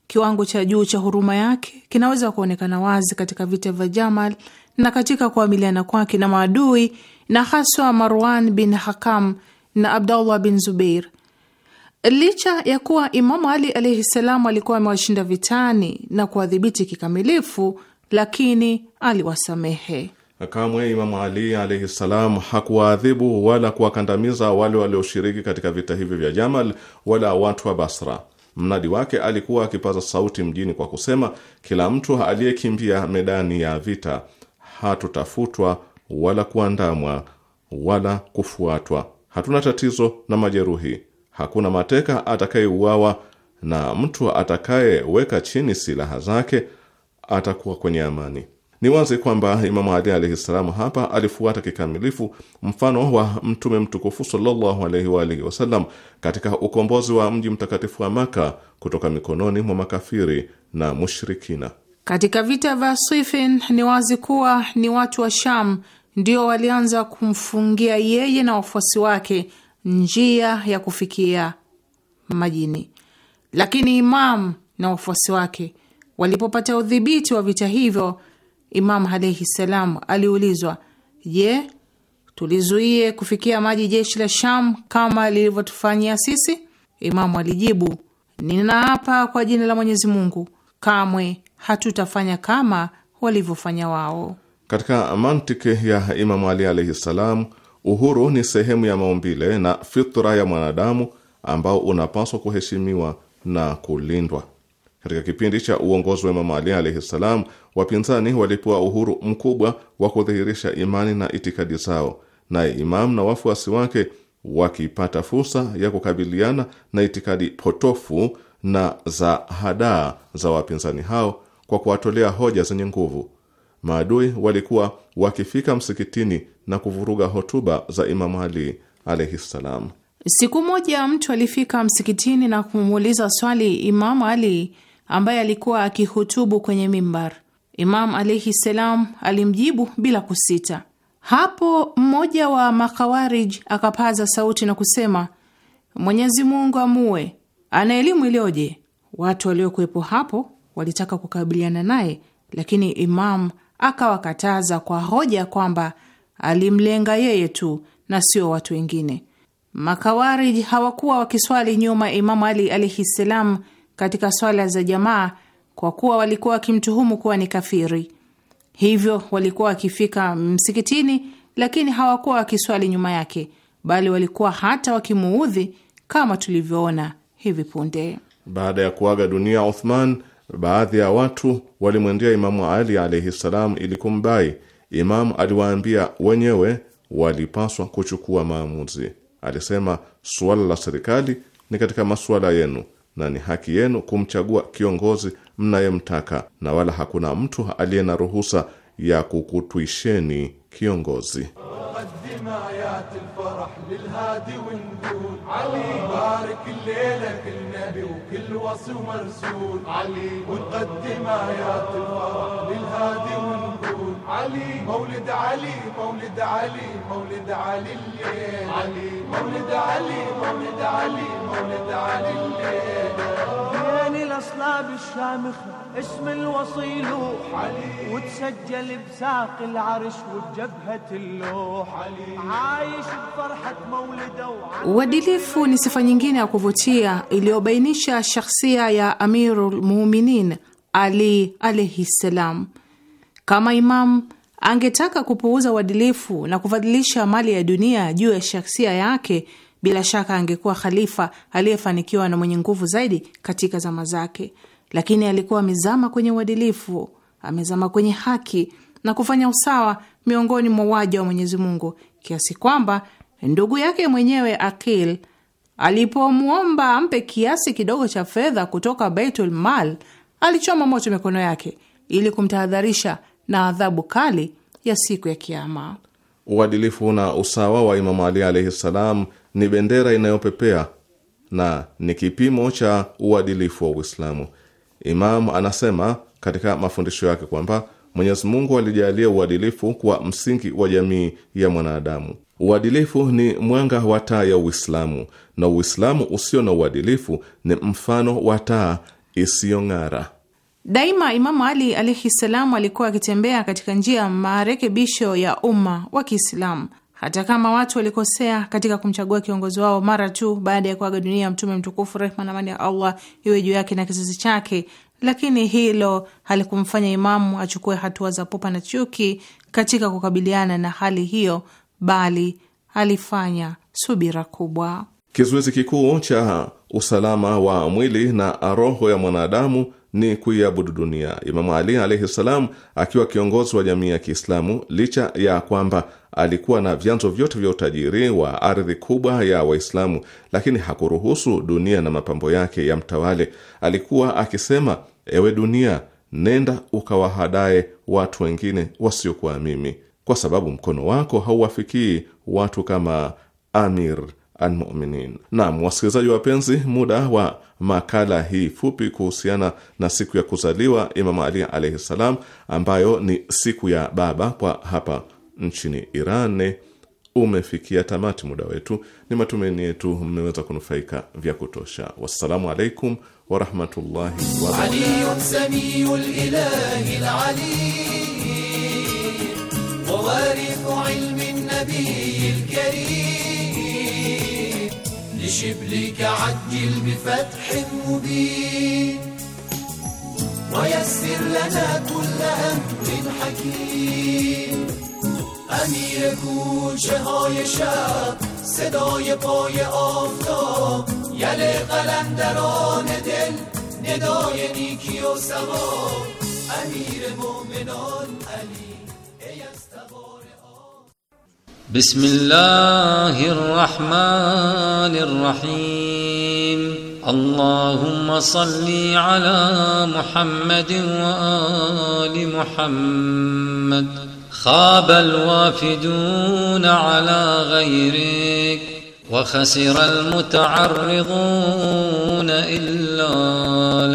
Kiwango cha juu cha huruma yake kinaweza kuonekana wazi katika vita vya Jamal na katika kuamiliana kwake na maadui, na haswa Marwan bin Hakam na Abdullah bin Zubeir. Licha ya kuwa Imamu Ali alaihi salamu alikuwa amewashinda vitani na kuwadhibiti kikamilifu, lakini aliwasamehe. Kamwe Imamu Ali alaihi salam hakuwaadhibu wala kuwakandamiza wale walioshiriki katika vita hivyo vya Jamal wala watu wa Basra. Mnadi wake alikuwa akipaza sauti mjini kwa kusema, kila mtu aliyekimbia medani ya vita hatutafutwa wala kuandamwa wala kufuatwa. Hatuna tatizo na majeruhi hakuna mateka atakayeuawa, na mtu atakayeweka chini silaha zake atakuwa kwenye amani. Ni wazi kwamba Imamu Ali alaihi salamu hapa alifuata kikamilifu mfano wa Mtume mtukufu sallallahu alaihi waalihi wasallam katika ukombozi wa mji mtakatifu wa Maka kutoka mikononi mwa makafiri na mushrikina. Katika vita vya Sifin ni wazi kuwa ni watu wa Sham ndio walianza kumfungia yeye na wafuasi wake njia ya kufikia majini. Lakini imam na wafuasi wake walipopata udhibiti wa vita hivyo, imam alaihi salam aliulizwa, je, tulizuie kufikia maji jeshi la Sham kama lilivyotufanyia sisi? Imamu alijibu, ninaapa kwa jina la Mwenyezi Mungu, kamwe hatutafanya kama walivyofanya wao. Katika mantiki ya Imamu Ali alaihi salam Uhuru ni sehemu ya maumbile na fitra ya mwanadamu ambao unapaswa kuheshimiwa na kulindwa. Katika kipindi cha uongozi wa Imamu Ali alaihi ssalam, wapinzani walipewa uhuru mkubwa wa kudhihirisha imani na itikadi zao, naye Imamu na wafuasi wake wakipata fursa ya kukabiliana na itikadi potofu na za hadaa za wapinzani hao kwa kuwatolea hoja zenye nguvu maadui walikuwa wakifika msikitini na kuvuruga hotuba za Imamu Ali alaihi ssalam. Siku moja mtu alifika msikitini na kumuuliza swali Imamu Ali ambaye alikuwa akihutubu kwenye mimbar. Imamu alaihi ssalam alimjibu bila kusita. Hapo mmoja wa makhawarij akapaza sauti na kusema, Mwenyezi Mungu amue, ana elimu iliyoje! Watu waliokuwepo hapo walitaka kukabiliana naye, lakini Imamu akawakataza kwa hoja kwamba alimlenga yeye tu na sio watu wengine. Makawarij hawakuwa wakiswali nyuma Imamu Ali alaihi ssalam katika swala za jamaa kwa kuwa walikuwa wakimtuhumu kuwa ni kafiri, hivyo walikuwa wakifika msikitini, lakini hawakuwa wakiswali nyuma yake, bali walikuwa hata wakimuudhi kama tulivyoona hivi punde. Baada ya kuaga dunia Uthman, baadhi ya watu walimwendea Imamu Ali alaihi ssalam ili kumbai. Imamu aliwaambia wenyewe walipaswa kuchukua maamuzi. Alisema, suala la serikali ni katika masuala yenu na ni haki yenu kumchagua kiongozi mnayemtaka, na wala hakuna mtu aliye na ruhusa ya kukutwisheni kiongozi. بنايات الفرح للهادي ونقول علي بارك الليلة كل نبي وكل وصي ومرسول علي ونقدم آيات الفرح للهادي ونقول علي مولد علي مولد علي مولد علي الليل علي مولد علي مولد علي مولد علي الليل أصلاب الشامخة اسم الوصيل علي وتسجل بساق العرش وجبهه اللوح عايش بفرحه مولده uadilifu ni sifa nyingine ya kuvutia iliyobainisha shakhsia ya Amirul Muuminin Ali alaihi ssalam. Kama Imam angetaka kupuuza uadilifu na kufadhilisha mali ya dunia juu ya shaksia yake bila shaka angekuwa khalifa aliyefanikiwa na mwenye nguvu zaidi katika zama zake, lakini alikuwa amezama kwenye uadilifu, amezama kwenye haki na kufanya usawa miongoni mwa waja wa Mwenyezi Mungu, kiasi kwamba ndugu yake mwenyewe Akil alipomwomba ampe kiasi kidogo cha fedha kutoka Baitul Mal, alichoma moto mikono yake ili kumtahadharisha na adhabu kali ya siku ya Kiama. Uadilifu na usawa wa Imamu Ali alaihi ssalam ni bendera inayopepea na ni kipimo cha uadilifu wa Uislamu. Imam anasema katika mafundisho yake kwamba Mwenyezi Mungu alijalia uadilifu kuwa msingi wa jamii ya mwanadamu. Uadilifu ni mwanga wa taa ya Uislamu, na Uislamu usio na uadilifu ni mfano wa taa isiyong'ara. Daima Imamu Ali alaihi salamu alikuwa akitembea katika njia ya marekebisho ya umma wa Kiislamu hata kama watu walikosea katika kumchagua kiongozi wao mara tu baada ya kuaga dunia ya Mtume mtukufu, rehma na amani ya Allah iwe juu yake na kizazi chake, lakini hilo halikumfanya Imamu achukue hatua za pupa na chuki katika kukabiliana na hali hiyo, bali alifanya subira kubwa. Kizuizi kikuu cha usalama wa mwili na roho ya mwanadamu ni kuiabudu dunia. Imamu Ali alaihi ssalam, akiwa kiongozi wa jamii ya Kiislamu, licha ya kwamba alikuwa na vyanzo vyote vya utajiri wa ardhi kubwa ya Waislamu, lakini hakuruhusu dunia na mapambo yake ya mtawale. Alikuwa akisema, ewe dunia, nenda ukawahadae watu wengine wasiokuwa mimi, kwa sababu mkono wako hauwafikii watu kama Amir Almuminin. Naam, wasikilizaji wapenzi, muda wa makala hii fupi kuhusiana na siku ya kuzaliwa Imamu Ali alaihi ssalam ambayo ni siku ya baba kwa hapa nchini Iran umefikia tamati. Muda wetu ni matumaini yetu mmeweza kunufaika vya kutosha. Wassalamu alaikum warahmatullahi wabarakatuh. شبلك عجل بفتح مبين ويسر لنا كل أمر حكيم امیر کوچه های شب صدای پای آفتاب یل قلندران دل ندای نیکی و سوا امیر مؤمنان علی بسم الله الرحمن الرحيم اللهم صل على محمد وآل محمد خاب الوافدون على غيرك وخسر المتعرضون إلا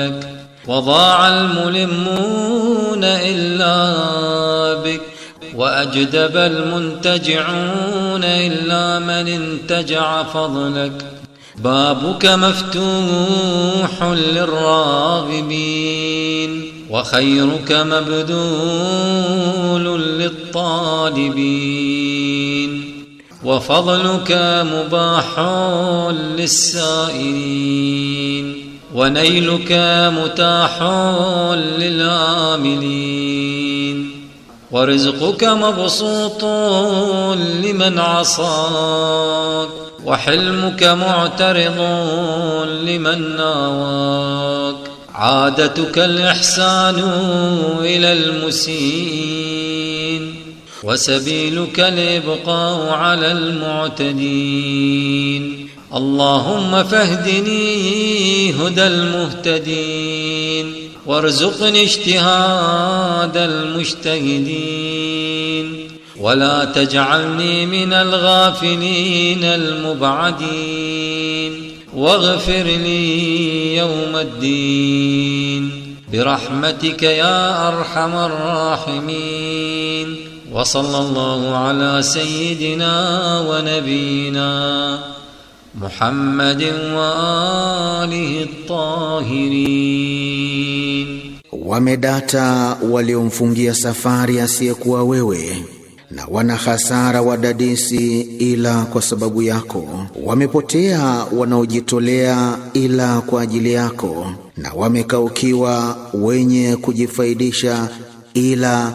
لك وضاع الملمون إلا بك وأجدب المنتجعون إلا من انتجع فضلك بابك مفتوح للراغبين وخيرك مبذول للطالبين وفضلك مباح للسائلين ونيلك متاح للآملين ورزقك مبسوط لمن عصاك وحلمك معترض لمن ناواك عادتك الإحسان إلى المسيء وسبيلك الإبقاء على المعتدين اللهم فاهدني هدى المهتدين وارزقني اجتهاد المجتهدين ولا تجعلني من الغافلين المبعدين واغفر لي يوم الدين برحمتك يا ارحم الراحمين وصلى الله على سيدنا ونبينا Muhammad wa alihi tahirin, wamedata waliomfungia safari asiyekuwa wewe na wana hasara wadadisi ila kwa sababu yako, wamepotea wanaojitolea ila kwa ajili yako, na wamekaukiwa wenye kujifaidisha ila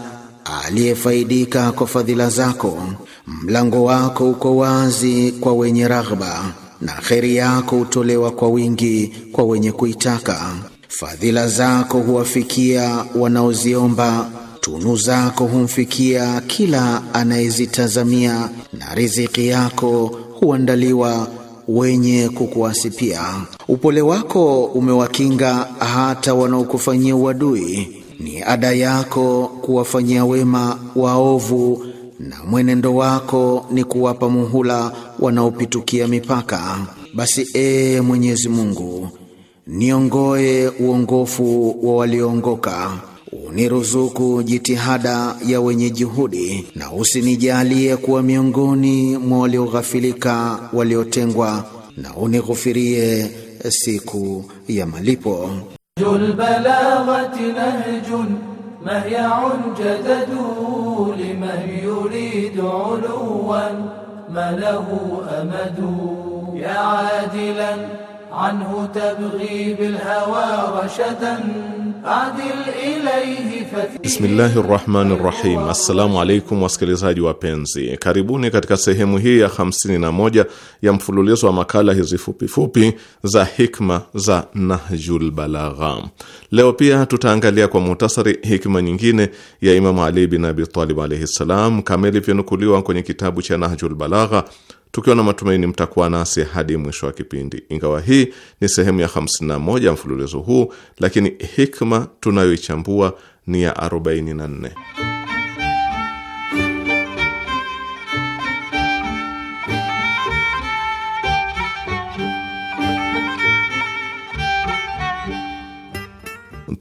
aliyefaidika kwa fadhila zako. Mlango wako uko wazi kwa wenye raghba na kheri yako hutolewa kwa wingi kwa wenye kuitaka, fadhila zako huwafikia wanaoziomba, tunu zako humfikia kila anayezitazamia, na riziki yako huandaliwa wenye kukuasi. Pia upole wako umewakinga hata wanaokufanyia uadui, ni ada yako kuwafanyia wema waovu na mwenendo wako ni kuwapa muhula wanaopitukia mipaka. Basi ee Mwenyezi Mungu, niongoe uongofu wa walioongoka, uniruzuku jitihada ya wenye juhudi, na usinijalie kuwa miongoni mwa walioghafilika waliotengwa, na unighufirie siku ya malipo. nahjun مهيع جدد لمن يريد علوا ما له أمد يا عادلا عنه تبغي بالهوى رشدا عدل adil بسم الله الرحمن الرحيم السلام عليكم wasikilizaji wapenzi, karibuni katika sehemu hii ya 51 ya mfululizo wa makala hizi fupifupi za hikma za Nahjul Balagha. Leo pia tutaangalia kwa muhtasari hikma nyingine ya Imam Ali bin Abi Talib alayhi salam kama ilivyonukuliwa kwenye kitabu cha Nahjul Balagha tukiwa na matumaini mtakuwa nasi hadi mwisho wa kipindi. Ingawa hii ni sehemu ya 51 ya mfululizo huu, lakini hikma tunayoichambua ni ya 44.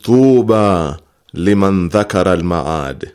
Tuba liman dhakara almaad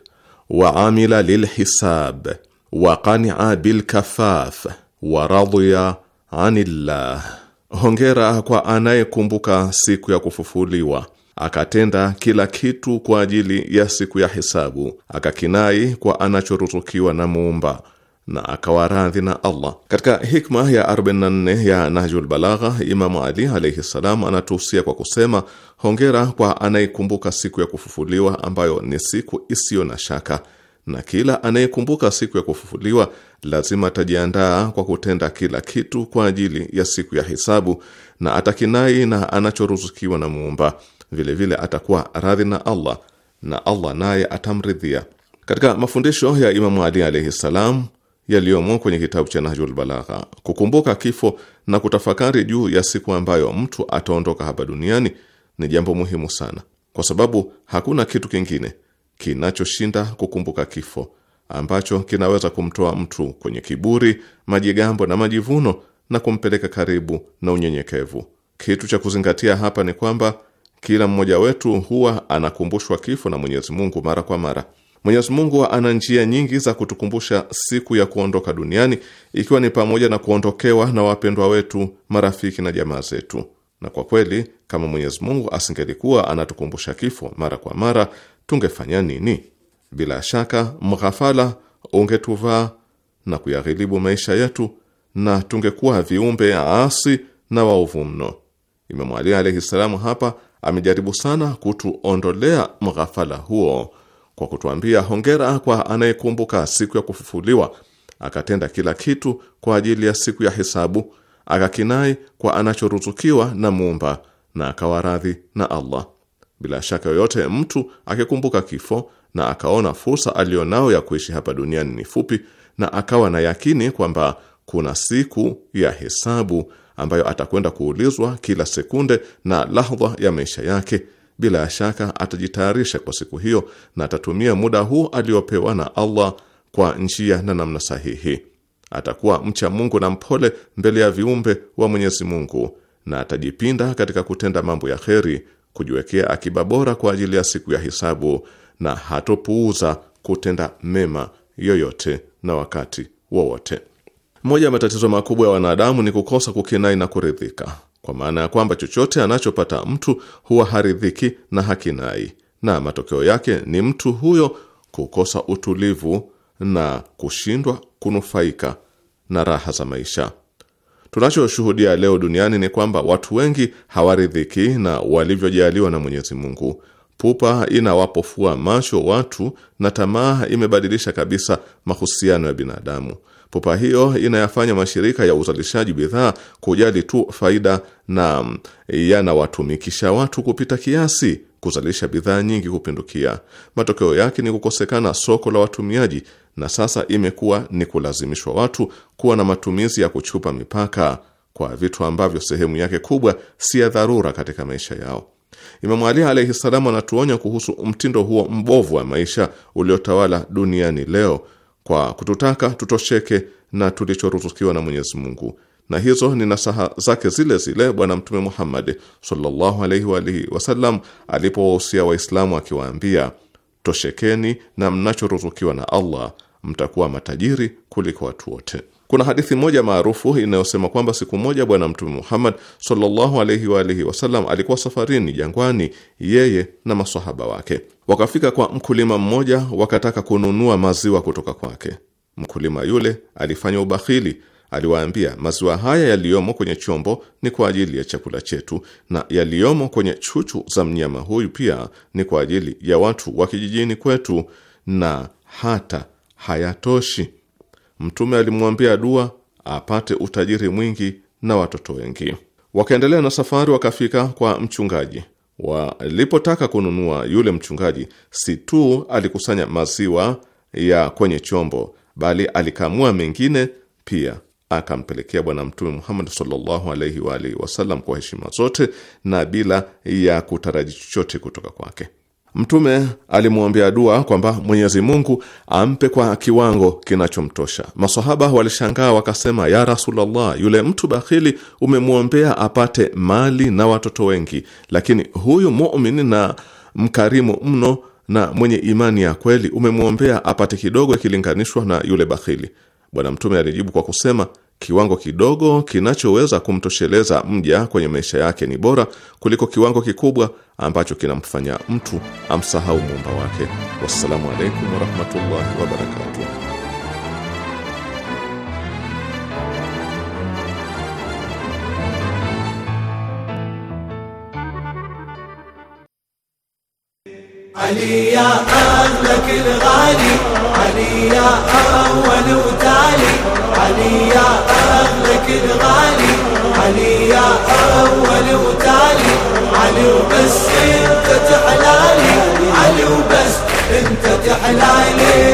wa amila lilhisab wa qania bilkafaf wa radhiya anillah. Hongera kwa anayekumbuka siku ya kufufuliwa akatenda kila kitu kwa ajili ya siku ya hisabu, akakinai kwa anachoruzukiwa na Muumba na akawa radhi na Allah. Katika hikma ya 44 ya Nahjul Balagha, Imamu Ali alaihi ssalam anatuhusia kwa kusema, hongera kwa anayekumbuka siku ya kufufuliwa ambayo ni siku isiyo na shaka na kila anayekumbuka siku ya kufufuliwa lazima atajiandaa kwa kutenda kila kitu kwa ajili ya siku ya hisabu, na atakinai na anachoruzukiwa na Muumba. Vilevile atakuwa radhi na Allah na Allah naye atamridhia. Katika mafundisho ya Imamu Ali alaihi ssalam yaliyomo kwenye kitabu cha Nahjul Balagha, kukumbuka kifo na kutafakari juu ya siku ambayo mtu ataondoka hapa duniani ni jambo muhimu sana, kwa sababu hakuna kitu kingine kinachoshinda kukumbuka kifo ambacho kinaweza kumtoa mtu kwenye kiburi, majigambo na majivuno na kumpeleka karibu na unyenyekevu. Kitu cha kuzingatia hapa ni kwamba kila mmoja wetu huwa anakumbushwa kifo na Mwenyezi Mungu mara kwa mara. Mwenyezi Mungu ana njia nyingi za kutukumbusha siku ya kuondoka duniani, ikiwa ni pamoja na kuondokewa na wapendwa wetu, marafiki na jamaa zetu. Na kwa kweli kama Mwenyezi Mungu asingelikuwa anatukumbusha kifo mara kwa mara, tungefanya nini? Bila shaka mghafala ungetuvaa na kuyaghilibu maisha yetu, na tungekuwa viumbe aasi na waovu mno. Imamu Ali alaihi salamu hapa amejaribu sana kutuondolea mghafala huo kwa kutuambia hongera kwa anayekumbuka siku ya kufufuliwa akatenda kila kitu kwa ajili ya siku ya hisabu akakinai kwa anachoruzukiwa na Muumba na akawa radhi na Allah. Bila shaka yoyote, mtu akikumbuka kifo na akaona fursa aliyonao ya kuishi hapa duniani ni fupi, na akawa na yakini kwamba kuna siku ya hesabu ambayo atakwenda kuulizwa kila sekunde na lahdha ya maisha yake, bila shaka atajitayarisha kwa siku hiyo na atatumia muda huu aliopewa na Allah kwa njia na namna sahihi atakuwa mcha Mungu na mpole mbele ya viumbe wa Mwenyezi Mungu na atajipinda katika kutenda mambo ya kheri, kujiwekea akiba bora kwa ajili ya siku ya hisabu, na hatopuuza kutenda mema yoyote na wakati wowote. Moja ya matatizo makubwa ya wanadamu ni kukosa kukinai na kuridhika, kwa maana ya kwamba chochote anachopata mtu huwa haridhiki na hakinai, na matokeo yake ni mtu huyo kukosa utulivu na kushindwa kunufaika na raha za maisha. Tunachoshuhudia leo duniani ni kwamba watu wengi hawaridhiki na walivyojaliwa na Mwenyezi Mungu. Pupa inawapofua macho watu na tamaa imebadilisha kabisa mahusiano ya binadamu. Pupa hiyo inayafanya mashirika ya uzalishaji bidhaa kujali tu faida na mm, yanawatumikisha watu kupita kiasi, kuzalisha bidhaa nyingi kupindukia. Matokeo yake ni kukosekana soko la watumiaji na sasa imekuwa ni kulazimishwa watu kuwa na matumizi ya kuchupa mipaka kwa vitu ambavyo sehemu yake kubwa si ya dharura katika maisha yao. Imamu Ali alaihi salamu anatuonya kuhusu mtindo huo mbovu wa maisha uliotawala duniani leo kwa kututaka tutosheke na tulichoruzukiwa na Mwenyezi Mungu, na hizo ni nasaha zake zile zile Bwana Mtume Muhammad sallallahu alaihi wa alihi wasallam alipowahusia Waislamu akiwaambia, toshekeni na mnachoruzukiwa na Allah mtakuwa matajiri kuliko watu wote. Kuna hadithi moja maarufu inayosema kwamba siku moja Bwana Mtume Muhammad sallallahu alaihi wa alihi wasallam alikuwa safarini jangwani, yeye na masahaba wake. Wakafika kwa mkulima mmoja, wakataka kununua maziwa kutoka kwake. Mkulima yule alifanya ubakhili, aliwaambia, maziwa haya yaliyomo kwenye chombo ni kwa ajili ya chakula chetu, na yaliyomo kwenye chuchu za mnyama huyu pia ni kwa ajili ya watu wa kijijini kwetu na hata hayatoshi. Mtume alimwambia dua apate utajiri mwingi na watoto wengi. Wakaendelea na safari, wakafika kwa mchungaji. Walipotaka kununua, yule mchungaji si tu alikusanya maziwa ya kwenye chombo, bali alikamua mengine pia akampelekea Bwana Mtume Muhammad sallallahu alaihi wa alihi wasallam kwa heshima zote na bila ya kutaraji chochote kutoka kwake. Mtume alimwombea dua kwamba Mwenyezi Mungu ampe kwa kiwango kinachomtosha. Masahaba walishangaa wakasema, ya Rasulullah, yule mtu bakhili umemwombea apate mali na watoto wengi, lakini huyu mumin na mkarimu mno na mwenye imani ya kweli umemwombea apate kidogo ikilinganishwa na yule bakhili. Bwana Mtume alijibu kwa kusema kiwango kidogo kinachoweza kumtosheleza mja kwenye maisha yake ni bora kuliko kiwango kikubwa ambacho kinamfanya mtu amsahau muumba wake. Wassalamu alaikum warahmatullahi wabarakatuh. علي يا أهلك الغالي علي يا أول وتالي علي يا أهلك الغالي علي يا أول وتالي علي وبس انت تحلالي علي وبس انت تحلالي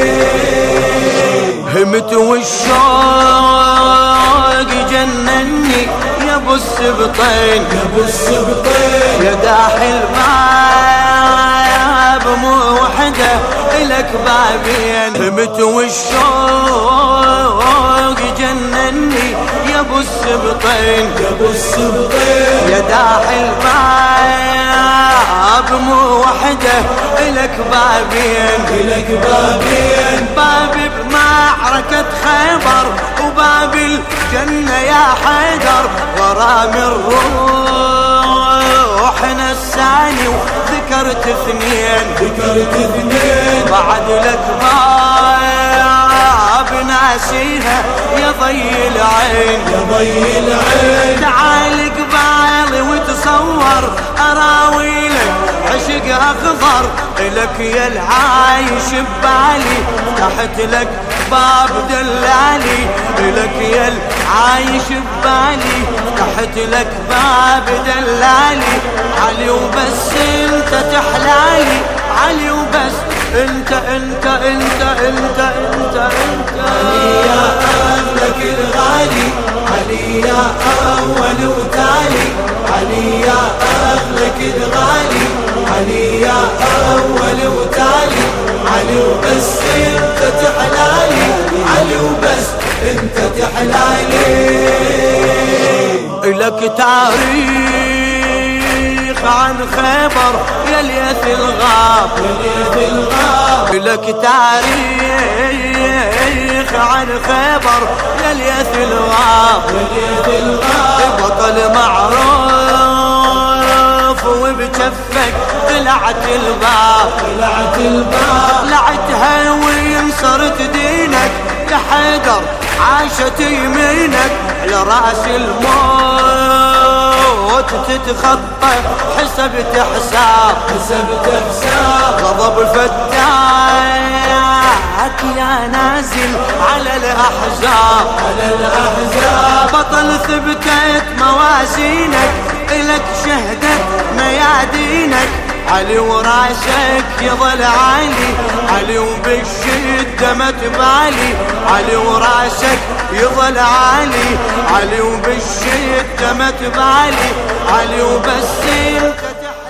همت والشوق جنني يا ابو السبطين يا ابو السبطين يا داحي المال مو وحده إلك بابين همت والشوق جنني يا ابو السبطين يا ابو السبطين يا داح الباب مو وحده إلك بابين إلك بابين باب بمعركة خيبر وباب الجنة يا حيدر غرام الروح روحنا الثاني وذكرت اثنين ذكرت اثنين بعد لك ما بناسيها يا ضي العين يا ضي العين تعال قبالي وتصور اراويلك عشق اخضر لك يا العايش ببالي تحت لك باب دلالي لك يا العايش ببالي تحت لك باب دلالي علي وبس انت تحلاي علي وبس انت انت انت انت انت انت علي يا اهلك الغالي علي يا اول وتالي علي يا اهلك الغالي علي يا اول وتالي علي وبس انت تحلالي علي وبس انت تحلالي لك تعريف عن خبر يا ليث الغاب لك تاريخ عن خبر يا ليث الغاب بطل معروف وبكفك طلعت الباب طلعت الباب طلعتها صرت دينك حيدر عاشت يمينك على راس الموت وقت تتخطى حسب حساب حسب تحساب غضب الفتاك يا نازل على الأحزاب على الأحزاب بطل ثبتت موازينك إلك شهدت ميادينك علي وراسك يظل عالي علي وبالشدة ما تبالي علي وراسك يظل عالي علي وبالشدة ما تبالي علي وبس انت